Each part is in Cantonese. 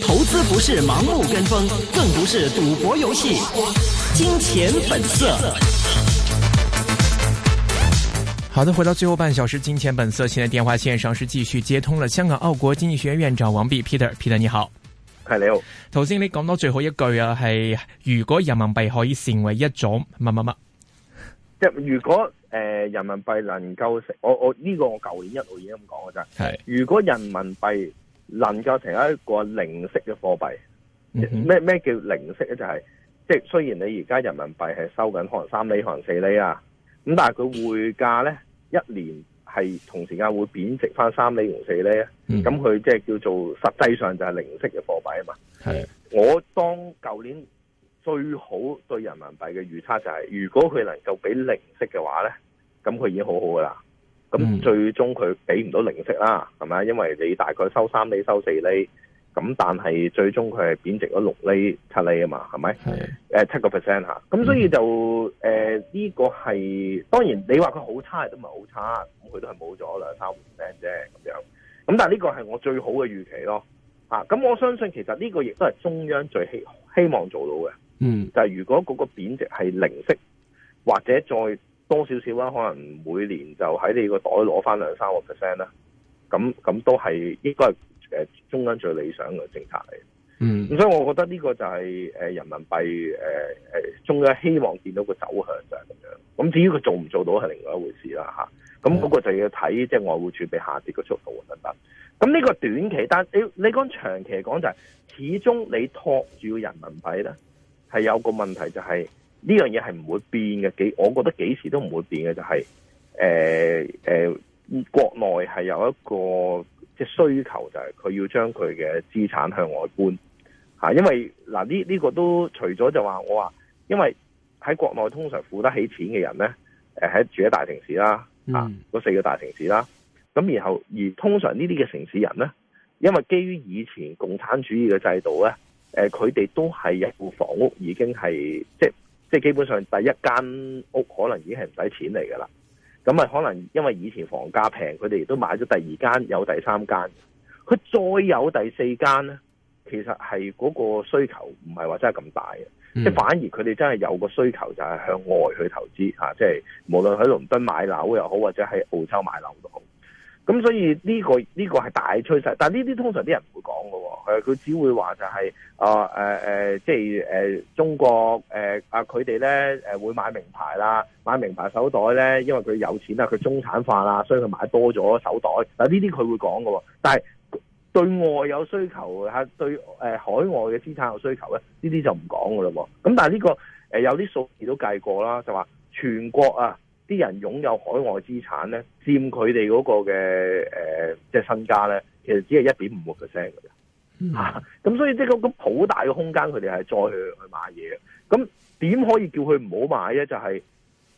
投資不是盲目跟風，更不是賭博遊戲。金錢本色。好的，回到最後半小時，金錢本色。現在電話線上是繼續接通了，香港奧國經濟學院院長王弼 Peter，Peter 你好，係你好。頭先你講到最後一句啊，係如果人民幣可以成為一種，乜乜乜。即係如果誒、呃、人民幣能夠成，我我呢、這個我舊年一路已經咁講嘅咋。係如果人民幣能夠成為一個零息嘅貨幣，咩、嗯、咩叫零息咧？就係即係雖然你而家人民幣係收緊可能三厘可能四厘啊，咁但係佢匯價咧一年係同時間會貶值翻三厘同四厘，啊，咁佢即係叫做實際上就係零息嘅貨幣啊嘛。係我當舊年。最好對人民幣嘅預測就係、是，如果佢能夠俾零息嘅話咧，咁佢已經好好噶啦。咁最終佢俾唔到零息啦，係、嗯、咪？因為你大概收三厘收四厘，咁但係最終佢係貶值咗六厘七厘啊嘛，係咪？係七個 percent 吓。咁、呃啊、所以就誒呢、呃這個係當然你話佢好差亦都唔係好差，佢都係冇咗兩三 percent 啫咁樣。咁但係呢個係我最好嘅預期咯。啊，咁我相信其實呢個亦都係中央最希希望做到嘅。嗯，就係如果嗰個貶值係零息，或者再多少少啦，可能每年就喺你個袋攞翻兩三個 percent 啦。咁咁都係應該係誒中央最理想嘅政策嚟嘅。嗯，咁所以我覺得呢個就係誒人民幣誒誒中央希望見到個走向就係咁樣。咁至於佢做唔做到係另外一回事啦，嚇、嗯。咁、啊、嗰、嗰個就要睇即係外匯儲備下跌嘅速度等等。咁呢個短期，但你你講長期嚟講就係、係、始終你托住人民幣咧。係有個問題就係呢樣嘢，係唔會變嘅，幾我覺得幾時都唔會變嘅就係、是，誒、呃、誒、呃，國內係有一個即係需求就係佢要將佢嘅資產向外搬吓、啊，因為嗱呢呢個都除咗就話我話，因為喺國內通常付得起錢嘅人咧，誒、呃、喺住喺大城市啦，啊嗰、嗯、四個大城市啦，咁然後而通常呢啲嘅城市人咧，因為基於以前共產主義嘅制度咧。誒、呃，佢哋都係一戶房屋，已經係即即基本上第一間屋可能已經係唔使錢嚟噶啦。咁啊，可能因為以前房價平，佢哋都買咗第二間，有第三間。佢再有第四間咧，其實係嗰個需求唔係話真係咁大嘅，嗯，即反而佢哋真係有個需求就係向外去投資吓，即、啊就係，無論喺倫敦買樓又好，或者喺澳洲買樓都好。咁所以呢個呢個係大趨勢，但係呢啲通常啲人唔會講㗎喎，佢只會話就係啊誒即係、呃、中國誒啊佢哋咧誒會買名牌啦，買名牌手袋咧，因為佢有錢啦，佢中產化啦，所以佢買多咗手袋。呢啲佢會講㗎喎，但係對外有需求嚇，對海外嘅資產有需求咧，呢啲就唔講嘅咯。咁但係、這、呢個有啲數字都計過啦，就話全國啊。啲人擁有海外資產咧，佔佢哋嗰個嘅誒即係身家咧，其實只係一點五個 percent 㗎啫。嚇！咁、嗯、 所以即係咁好大嘅空間，佢哋係再去去買嘢。咁點可以叫佢唔好買咧？就係、是、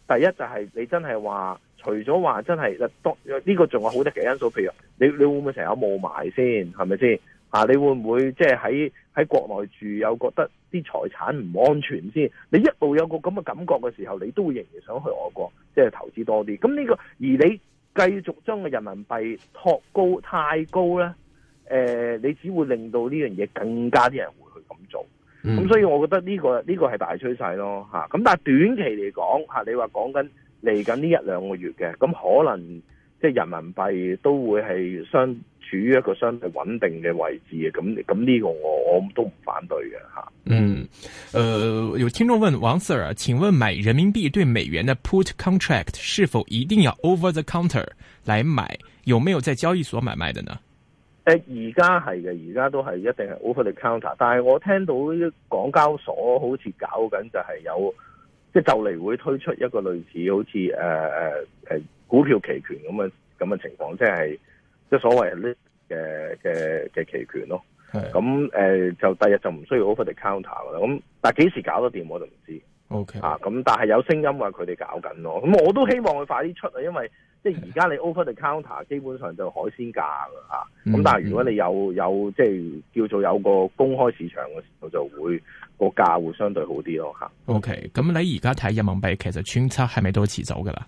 第一就係你真係話，除咗話真係，當呢個仲有好得嘅因素，譬如說你你會唔會成日有霧霾先？係咪先？啊！你會唔會即係喺喺國內住又覺得啲財產唔安全先？你一路有個咁嘅感覺嘅時候，你都會仍然想去外國即係投資多啲。咁呢個而你繼續將個人民幣托高太高咧，誒、呃，你只會令到呢樣嘢更加啲人會去咁做。咁、嗯、所以，我覺得呢個呢個係大趨勢咯嚇。咁但係短期嚟講嚇，你話講緊嚟緊呢一兩個月嘅，咁可能即係人民幣都會係相處於一個相對穩定嘅位置嘅，咁咁呢個我我都唔反對嘅嚇。嗯、呃，有聽眾問王 Sir，請問買人民幣對美元嘅 Put Contract 是否一定要 Over the Counter 來買？有沒有在交易所買賣的呢？誒而家係嘅，而家都係一定係 Over the Counter，但係我聽到港交所好似搞緊就係有即就嚟、係、會推出一個類似好似、呃呃、股票期權咁嘅咁嘅情況，即、就、係、係。即所謂 lift 嘅嘅嘅期權咯，咁誒、嗯、就第日就唔需要 over the counter 噶啦，咁但係幾時搞得掂我就唔知道。OK 啊，咁但係有聲音話佢哋搞緊咯，咁、嗯、我都希望佢快啲出啊，因為即係而家你 over the counter 基本上就海鮮價噶嚇，咁、啊、但係如果你有有即係叫做有個公開市場嘅時候，就會個價會相對好啲咯嚇。OK，咁你而家睇人民幣其實穿測係咪都係遲早噶啦？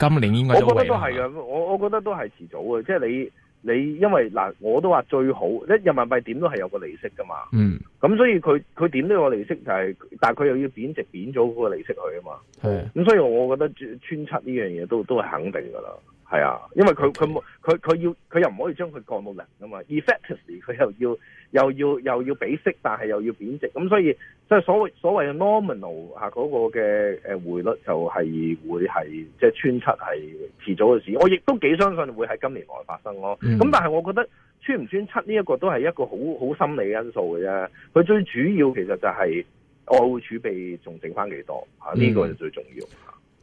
今年應該我覺得都係嘅，我我覺得都係遲早嘅。即係你你，你因為嗱，我都話最好，即人民幣點都係有個利息噶嘛。嗯。咁所以佢佢點都有個利息就係，但係佢又要貶值貶咗嗰個利息去啊嘛。係。咁所以我覺得穿穿呢樣嘢都都係肯定噶啦。係啊，因為佢佢冇佢佢要佢又唔可以將佢降到零噶嘛 effectively 佢又要又要又要俾息，但係又要貶值，咁所以即係所謂所謂嘅 nominal 吓嗰個嘅誒匯率就係會係即係穿七係遲早嘅事，我亦都幾相信會喺今年內發生咯。咁、嗯、但係我覺得穿唔穿七呢一個都係一個好好心理因素嘅啫，佢最主要其實就係外匯儲備仲剩翻幾多吓，呢、這個就最重要。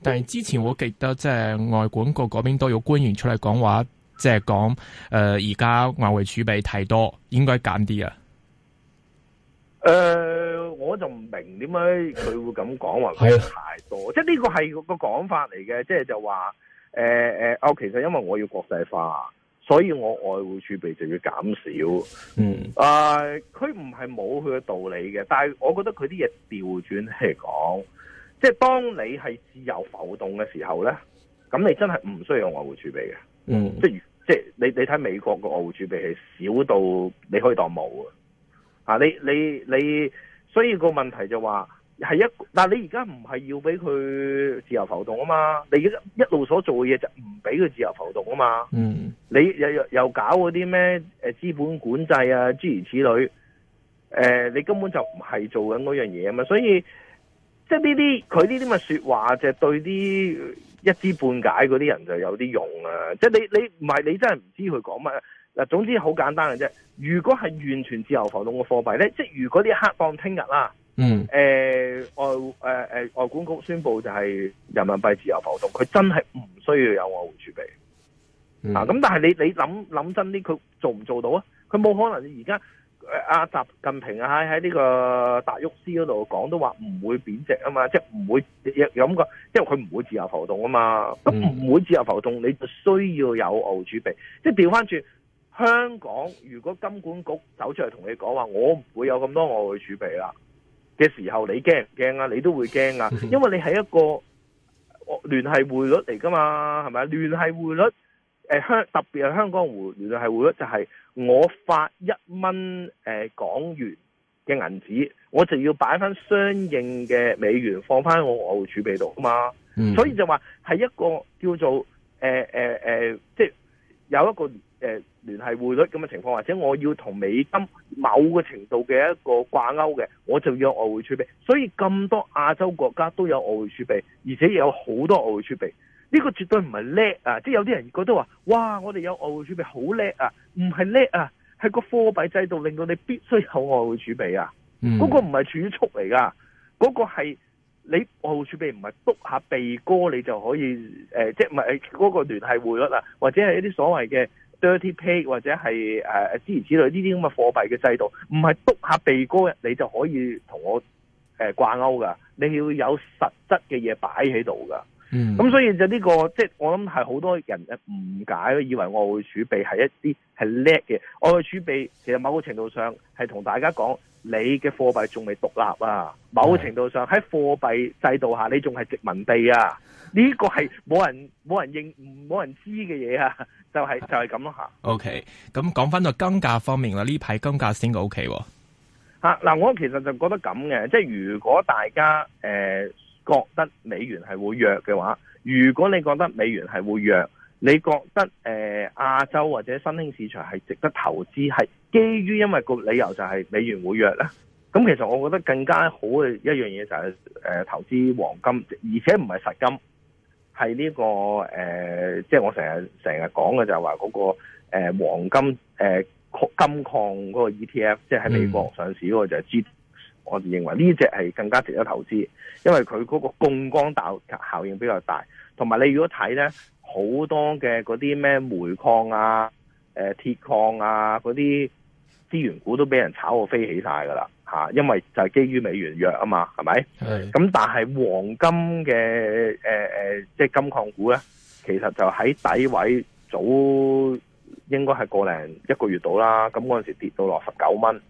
但係之前我記得即係、就是、外管局嗰邊都有官員出嚟講話，即係講誒而家外匯儲備太多，應該減啲啊。誒、呃，我就唔明點解佢會咁講 話太多， 即係呢個係個講法嚟嘅，即係就話誒誒，我、呃呃哦、其實因為我要國際化，所以我外匯儲備就要減少。嗯，誒、呃，佢唔係冇佢嘅道理嘅，但係我覺得佢啲嘢調轉嚟講。即係當你係自由浮動嘅時候咧，咁你真係唔需要用外匯儲備嘅。嗯、mm.，即係即係你你睇美國個外匯儲備係少到你可以當冇啊！啊，你你你，所以個問題就話係一，但你而家唔係要俾佢自由浮動啊嘛？你一一路所做嘅嘢，就唔俾佢自由浮動啊嘛。嗯、mm.，你又又又搞嗰啲咩誒資本管制啊，諸如此類。誒、呃，你根本就唔係做緊嗰樣嘢啊嘛，所以。即係呢啲佢呢啲咁嘅說話，就對啲一知半解嗰啲人就有啲用啊！即係你你唔係你真係唔知佢講乜嗱。總之好簡單嘅啫。如果係完全自由浮動嘅貨幣咧，即係如果呢一刻當聽日啦，嗯，誒、呃、外誒誒、呃、外管局宣布就係人民幣自由浮動，佢真係唔需要有外匯儲備、嗯、啊。咁但係你你諗諗真啲，佢做唔做到啊？佢冇可能而家。阿習近平喺喺呢個達沃斯嗰度講，都話唔會貶值啊嘛，即係唔會有咁個，因為佢唔會自由浮動啊嘛。咁唔會自由浮動，你就需要有外儲備。即係掉返轉香港，如果金管局走出嚟同你講話，我唔會有咁多外儲備啦嘅時候，你驚唔驚啊？你都會驚啊，因為你係一個聯繫匯率嚟㗎嘛，係咪啊？聯繫匯率，誒香特別係香港匯聯繫匯率就係。我發一蚊誒港元嘅銀紙，我就要擺翻相應嘅美元放翻我外匯儲備度嘛、嗯。所以就話係一個叫做誒誒誒，即係有一個誒、呃、聯繫匯率咁嘅情況，或者我要同美金某個程度嘅一個掛鈎嘅，我就要外匯儲備。所以咁多亞洲國家都有外匯儲備，而且有好多外匯儲備。呢、這個絕對唔係叻啊！即係有啲人覺得話，哇！我哋有外匯儲備好叻啊！唔係叻啊！係個貨幣制度令到你必須有外匯儲備啊！嗰、嗯，那個唔係儲蓄嚟㗎，嗰、那個係你外匯儲備唔係篤下鼻哥你就可以誒、呃，即係唔係嗰個聯繫匯率啊，或者係一啲所謂嘅 dirty pay 或者係誒、呃、諸如此類呢啲咁嘅貨幣嘅制度，唔係篤下鼻哥你就可以同我誒掛鈎㗎，你要有實質嘅嘢擺喺度㗎。嗯，咁所以就呢個，即係我諗係好多人嘅誤解咯，以為我會儲備係一啲係叻嘅，我嘅儲備其實某個程度上係同大家講，你嘅貨幣仲未獨立啊，某個程度上喺貨幣制度下，你仲係殖民地啊，呢個係冇人冇人認冇人知嘅嘢啊，就係就係咁咯吓。OK，咁講翻到金價方面啦，呢排金價升 OK 喎。吓，嗱，我其實就覺得咁嘅，即係如果大家誒。呃覺得美元係會弱嘅話，如果你覺得美元係會弱，你覺得誒亞、呃、洲或者新興市場係值得投資，係基於因為個理由就係美元會弱咧。咁其實我覺得更加好嘅一樣嘢就係、是、誒、呃、投資黃金，而且唔係實金，係呢、這個誒，即、呃、係、就是、我成日成日講嘅就係話嗰個誒、呃、黃金誒、呃、金礦嗰個 ETF，即係喺美國上市嗰個就係金。嗯。我哋認為呢隻係更加值得投資，因為佢嗰個槓桿效應比較大，同埋你如果睇呢好多嘅嗰啲咩煤礦啊、誒、呃、鐵礦啊嗰啲資源股都俾人炒到飛起晒噶啦嚇，因為就係基於美元弱啊嘛，係咪？係。咁但係黃金嘅誒誒，即係金礦股呢，其實就喺低位，早應該係個零一個月到啦。咁嗰陣時候跌到落十九蚊。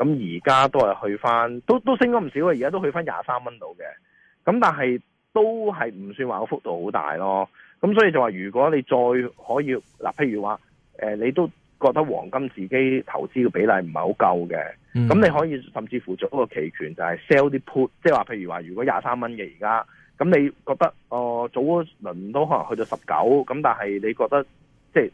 咁而家都係去翻，都都升咗唔少嘅而家都去翻廿三蚊度嘅，咁但係都係唔算話個幅度好大咯。咁所以就話，如果你再可以嗱，譬如話、呃，你都覺得黃金自己投資嘅比例唔係好夠嘅，咁、嗯、你可以甚至乎做一個期權，就係 sell 啲 put，即係話譬如話，如果廿三蚊嘅而家，咁你覺得我、呃、早輪都可能去到十九，咁但係你覺得即係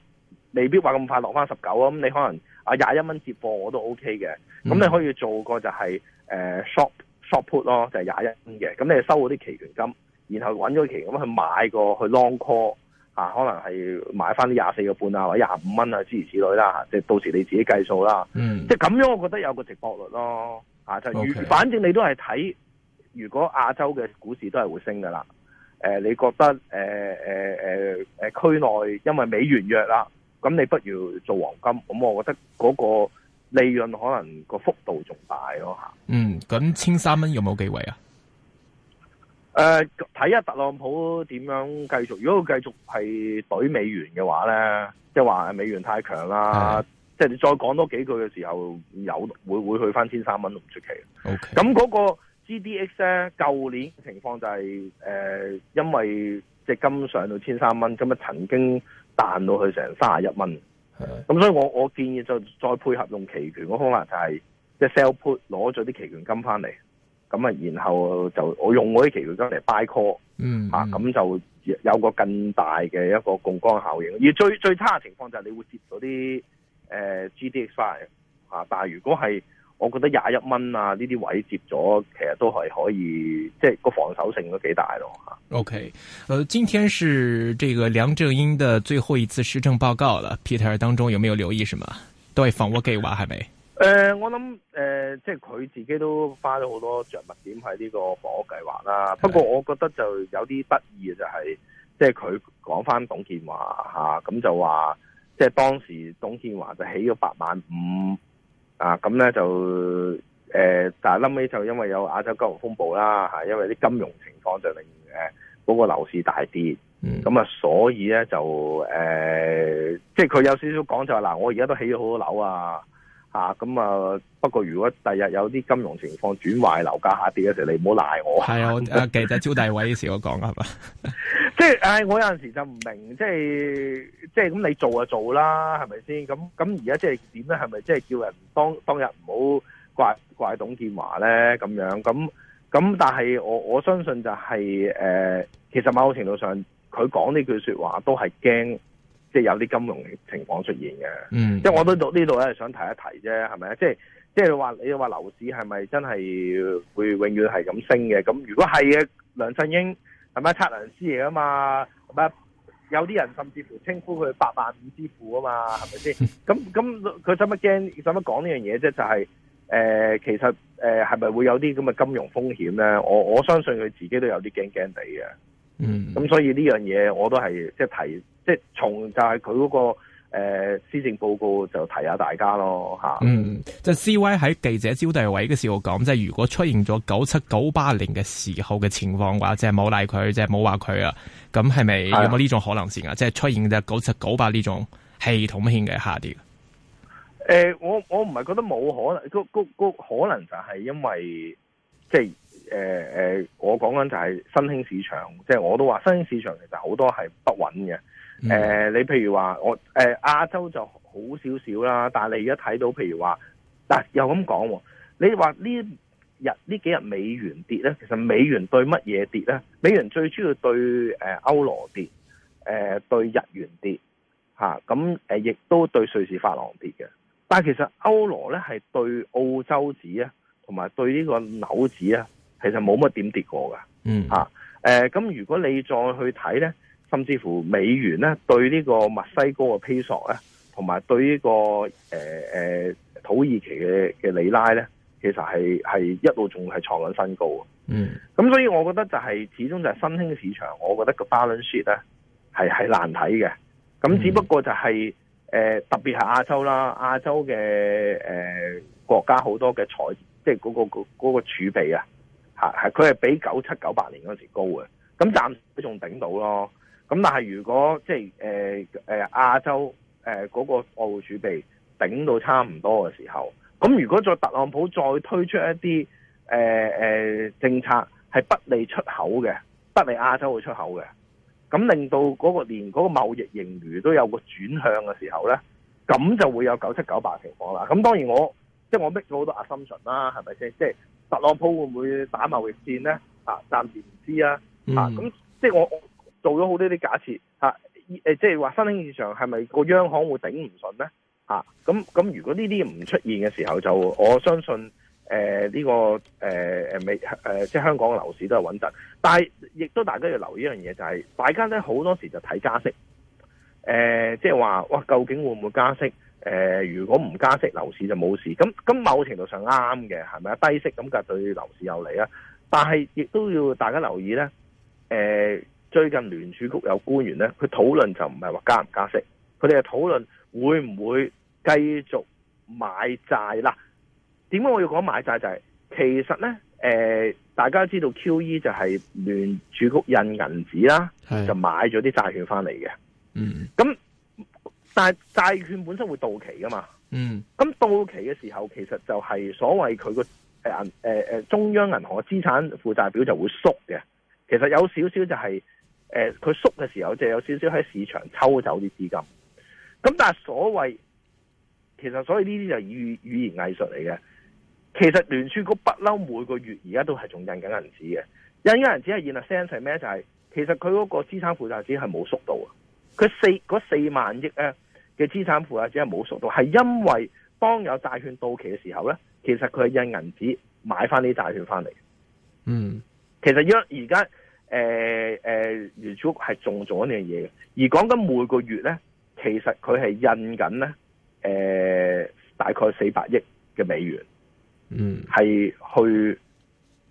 未必話咁快落翻十九啊，咁你可能。啊廿一蚊接貨我都 O K 嘅，咁、嗯、你可以做個就係、是 uh, short short put 咯，就係、是、廿一蚊嘅，咁你收嗰啲期權金，然後揾咗期權金去買個去 long call，啊可能係買翻啲廿四個半啊或者廿五蚊啊諸如此類啦，即係到時你自己計數啦，即係咁樣我覺得有個值博率咯，啊就、okay. 反正你都係睇，如果亞洲嘅股市都係會升噶啦、呃，你覺得誒誒誒區內因為美元弱啦。咁你不如做黃金，咁我覺得嗰個利潤可能個幅度仲大咯吓。嗯，咁千三蚊有冇機會啊？誒、呃，睇下特朗普點樣繼續。如果佢繼續係懟美元嘅話咧，即係話美元太強啦，即係你再講多幾句嘅時候，有會會去翻千三蚊都唔出奇。咁、okay. 嗰個 GDX 咧，舊年情況就係、是、誒、呃，因為隻金上到千三蚊，咁啊曾經。彈到去成三十一蚊，咁所以我我建議就再配合用期權個可能，就係即係 sell put 攞咗啲期權金翻嚟，咁啊然後就我用我啲期權金嚟 buy call，mm -hmm. 啊咁就有個更大嘅一個槓桿效應。而最最差嘅情況就係你會接到啲誒、呃、GDX，啊但係如果係。我覺得廿一蚊啊，呢啲位置接咗，其實都係可以，即係個防守性都幾大咯。OK，誒、呃，今天是這個梁振英的最後一次施政報告了 Peter，當中有沒有留意什麼？對房屋計劃還沒，係咪？誒，我諗誒、呃，即係佢自己都花咗好多着墨點喺呢個房屋計劃啦。不過我覺得就有啲得意嘅就係、是，即係佢講翻董建華吓，咁、啊、就話，即係當時董建華就起咗八萬五。啊，咁咧就誒，但、呃、係後尾就因為有亞洲金融風暴啦，吓，因為啲金融情況就令誒嗰、呃那個樓市大跌，咁、嗯呃就是、啊，所以咧就誒，即係佢有少少講就話：「嗱，我而家都起咗好多樓啊。」啊，咁啊，不過如果第日有啲金融情況轉壞，樓價下跌嘅時候，你唔好賴我。係 啊，記得招大偉時候我講係嘛，即 係、就是哎，我有陣時就唔明，即、就、係、是，即係咁你做就做啦，係咪先？咁咁而家即係點咧？係咪即係叫人當當日唔好怪怪董建華咧？咁樣咁咁，但係我我相信就係、是，誒、呃，其實某程度上，佢講呢句說話都係驚。即係有啲金融情況出現嘅、嗯，即係我都到呢度咧，是想提一提啫，係咪啊？即係即係話，你話樓市係咪真係會永遠係咁升嘅？咁如果係嘅，梁振英係咪測量師嚟啊嘛？係咪有啲人甚至乎稱呼佢八萬五之父啊嘛？係咪先？咁咁佢使乜驚？使乜講呢樣嘢啫？就係、是、誒、呃，其實誒係咪會有啲咁嘅金融風險咧？我我相信佢自己都有啲驚驚地嘅。嗯，咁所以呢樣嘢我都係即係睇。即係從就係佢嗰個誒施、呃、政報告就提下大家咯吓，嗯，即係 C Y 喺記者招待會嘅時候講，即係如果出現咗九七九八年嘅時候嘅情況嘅話，即係冇賴佢，即係冇話佢啊，咁係咪有冇呢種可能性啊？即係出現就九七九八呢種系統性嘅下跌？誒、呃，我我唔係覺得冇可能，個個個可能就係因為即係誒誒，我講緊就係新興市場，即係我都話新興市場其實好多係不穩嘅。誒、嗯呃，你譬如話我誒，亞、呃、洲就好少少啦。但係你而家睇到，譬如話，但又咁講，你話呢日呢幾日美元跌咧，其實美元對乜嘢跌咧？美元最主要對誒歐羅跌，誒、呃、對日元跌，吓咁誒，亦、啊、都對瑞士法郎跌嘅。但係其實歐羅咧係對澳洲指啊，同埋對呢個紐指啊，其實冇乜點跌過噶。嗯，吓、啊、誒，咁、呃、如果你再去睇咧。甚至乎美元咧，對呢個墨西哥嘅披索咧，同埋對呢、這個誒誒、呃、土耳其嘅嘅里拉咧，其實係係一路仲係創緊新高啊。嗯，咁所以我覺得就係、是、始終就係新興市場，我覺得個 balance sheet 咧係係難睇嘅。咁只不過就係、是、誒、呃、特別係亞洲啦，亞洲嘅誒、呃、國家好多嘅財即係嗰個嗰嗰、那個儲、那個、備啊，嚇係佢係比九七九八年嗰時高嘅。咁暫時佢仲頂到咯。咁但係如果即係誒誒亞洲誒嗰、呃嗰個外匯儲備頂到差唔多嘅時候，咁如果再特朗普再推出一啲誒、呃、政策係不利出口嘅、不利亞洲嘅出口嘅，咁令到嗰個連嗰個貿易盈餘都有個轉向嘅時候咧，咁就會有九七九八嘅情況啦。咁當然我即係我逼咗好多 assumption 啦，係咪先？即係特朗普會唔會打貿易戰咧？啊，暫時唔知啊。啊，咁即係我。做咗好多啲假設嚇，誒即係話新興市場係咪個央行會頂唔順咧？嚇咁咁，如果呢啲唔出現嘅時候，就我相信誒呢、呃這個誒誒美誒即係香港嘅樓市都係穩陣。但係亦都大家要留意一樣嘢，就係、是、大家咧好多時就睇加息，誒即係話哇，究竟會唔會加息？誒、呃、如果唔加息，樓市就冇事。咁咁某程度上啱嘅，係咪啊？低息咁就對樓市有利啊？但係亦都要大家留意咧，誒、呃。最近聯儲局有官員咧，佢討論就唔係話加唔加息，佢哋係討論會唔會繼續買債啦？點解我要講買債就係、是、其實咧？誒、呃，大家知道 QE 就係聯儲局印銀紙啦，就買咗啲債券翻嚟嘅。嗯，咁但係債券本身會到期㗎嘛？嗯，咁到期嘅時候，其實就係所謂佢個銀誒誒中央銀行嘅資產負債表就會縮嘅。其實有少少就係、是。誒、呃，佢縮嘅時候，就有少少喺市場抽走啲資金。咁但係所謂，其實所謂呢啲就係語語言藝術嚟嘅。其實聯儲局不嬲每個月而家都係仲印緊銀紙嘅，印緊銀紙係現係 s 係咩？就係、是、其實佢嗰個資產負債表係冇縮到啊。佢四嗰四萬億咧嘅資產負債表係冇縮到，係因為當有債券到期嘅時候咧，其實佢係印銀紙買翻啲債券翻嚟。嗯，其實而家。誒、呃、誒，聯儲局係仲做緊呢樣嘢嘅，而講緊每個月咧，其實佢係印緊咧，誒、呃、大概四百億嘅美元，嗯，係去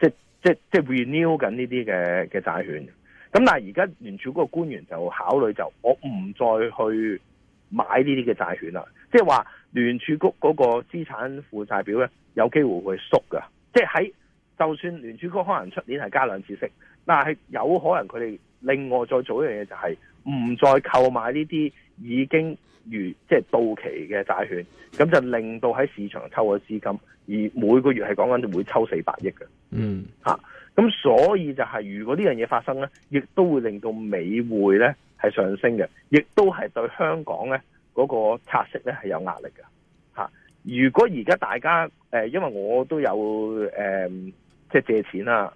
即即即 renew 緊呢啲嘅嘅債券，咁但係而家聯儲局個官員就考慮就我唔再去買呢啲嘅債券啦，即係話聯儲局嗰個資產負債表咧有機會會縮噶，即係喺就算聯儲局可能出年係加兩次息。但係有可能佢哋另外再做一樣嘢，就係唔再購買呢啲已經如即係、就是、到期嘅債券，咁就令到喺市場抽咗資金，而每個月係講緊會抽四百億嘅，嗯，吓、啊，咁所以就係如果呢樣嘢發生咧，亦都會令到美匯咧係上升嘅，亦都係對香港咧嗰、那個策息息咧係有壓力嘅，吓、啊。如果而家大家誒、呃，因為我都有誒、呃、即係借錢啦。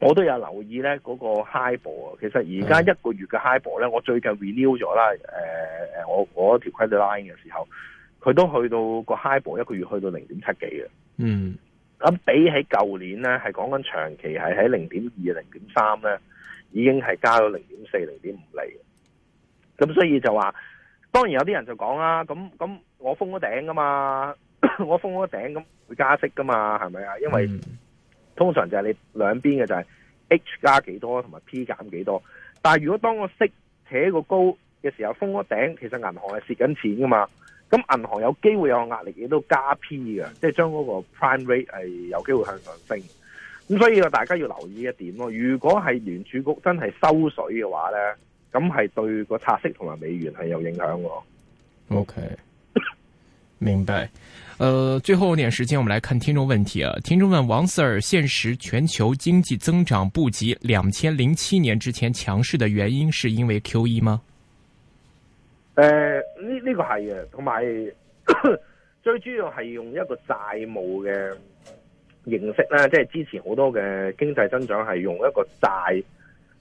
我都有留意咧嗰個 HIBOR 啊，其實而家一個月嘅 HIBOR 咧，我最近 renew 咗啦，誒、呃、我我條 credit line 嘅時候，佢都去到個 HIBOR 一個月去到零點七幾嘅，嗯，咁比起舊年咧，係講緊長期係喺零點二、零點三咧，已經係加咗零點四、零點五厘。咁所以就話，當然有啲人就講啦，咁咁我封咗頂噶嘛， 我封咗頂咁會加息噶嘛，係咪啊？因為通常就係你兩邊嘅就係 H 加幾多同埋 P 減幾多，但係如果當我息扯個高嘅時候封咗頂，其實銀行係蝕緊錢噶嘛，咁銀行有機會有壓力亦都加 P 嘅，即係將嗰個 prime rate 係有機會向上升，咁所以大家要留意一點咯。如果係聯儲局真係收水嘅話呢，咁係對個拆息同埋美元係有影響嘅。OK， 明白。呃，最後一點時間，我們來看聽眾問題啊。聽眾問：王 Sir，現時全球經濟增長不及二千零七年之前強勢的原因，是因為 QE 嗎？誒、呃，呢、這、呢個係嘅，同、這、埋、個、最主要係用一個債務嘅形式啦，即係之前好多嘅經濟增長係用一個債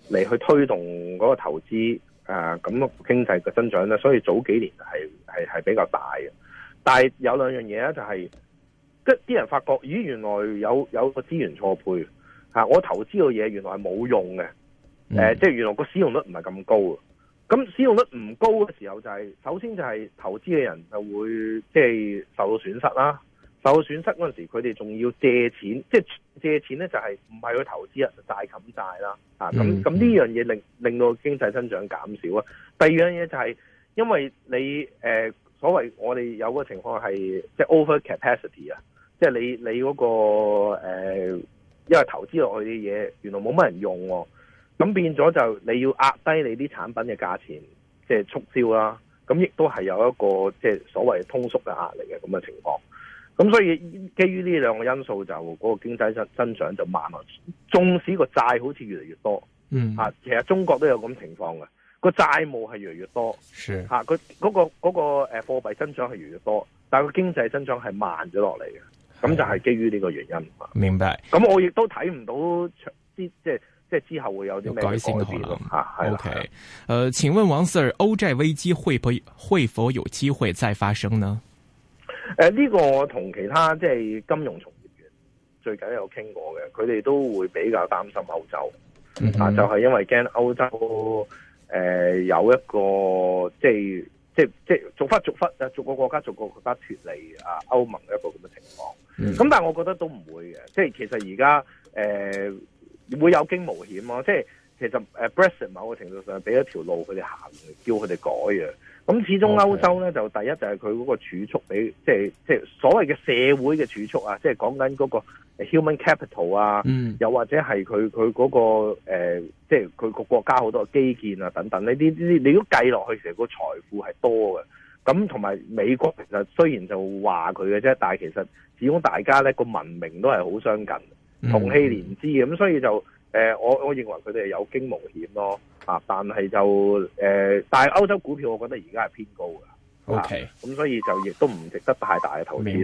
嚟去推動嗰個投資啊，咁經濟嘅增長啦，所以早幾年係係係比較大嘅。但係有兩樣嘢咧、就係，就係，即啲人發覺，咦，原來有有個資源錯配，嚇我投資嘅嘢原來係冇用嘅，誒、嗯呃，即係原來個使用率唔係咁高啊。咁使用率唔高嘅時候、就係，就係首先就係投資嘅人就會即係受到損失啦。受到損失嗰陣時，佢哋仲要借錢，即係借錢咧就係唔係去投資啊，就大冚債啦。嚇、嗯嗯，咁咁呢樣嘢令令到經濟增長減少啊。第二樣嘢就係因為你誒。呃所謂我哋有個情況係即係 over capacity 啊，即係你你、那、嗰個、呃、因為投資落去啲嘢原來冇乜人用喎，咁變咗就你要壓低你啲產品嘅價錢，即、就、係、是、促銷啦。咁亦都係有一個即係、就是、所謂嘅通縮嘅壓力嘅咁嘅情況。咁所以基於呢兩個因素就，就、那、嗰個經濟增增長就慢落。縱使個債好似越嚟越多，嗯嚇、啊，其實中國都有咁情況嘅。個債務係越嚟越多，吓佢嗰個嗰、嗰個誒貨幣增長係越嚟越多，但係個經濟增長係慢咗落嚟嘅，咁就係基於呢個原因。明白。咁、嗯、我亦都睇唔到長即係即係之後會有啲咩改善嘅可能吓。O K，誒，請問王 Sir，歐債危機會會會否有機會再發生呢？誒、呃、呢、呢個同其他即係金融從業員最近有傾過嘅，佢哋都會比較擔心歐洲，但、嗯啊、就係、是、因為驚歐洲。誒、呃、有一個即係即即，即，即逐忽逐忽啊，逐個國家逐個國家脫離啊歐盟一個咁嘅情況，咁、嗯、但係我覺得都唔會嘅，即係其實而家誒會有驚無險咯，即其實誒，Brexit 某個程度上俾一條路佢哋行，叫佢哋改。咁始終歐洲咧，okay. 就第一就係佢嗰個儲蓄，俾即係即係所謂嘅社會嘅儲蓄啊，即係講緊嗰個 human capital 啊，mm. 又或者係佢佢嗰個誒、呃，即係佢個國家好多基建啊等等呢啲啲，你都計落去，成個財富係多嘅。咁同埋美國其實雖然就話佢嘅啫，但係其實始終大家咧個文明都係好相近，mm. 同氣連枝咁所以就。誒、呃，我我認為佢哋係有驚無險咯，啊、呃，但係就誒，但係歐洲股票，我覺得而家係偏高噶，OK，咁、啊、所以就亦都唔值得太大嘅投資。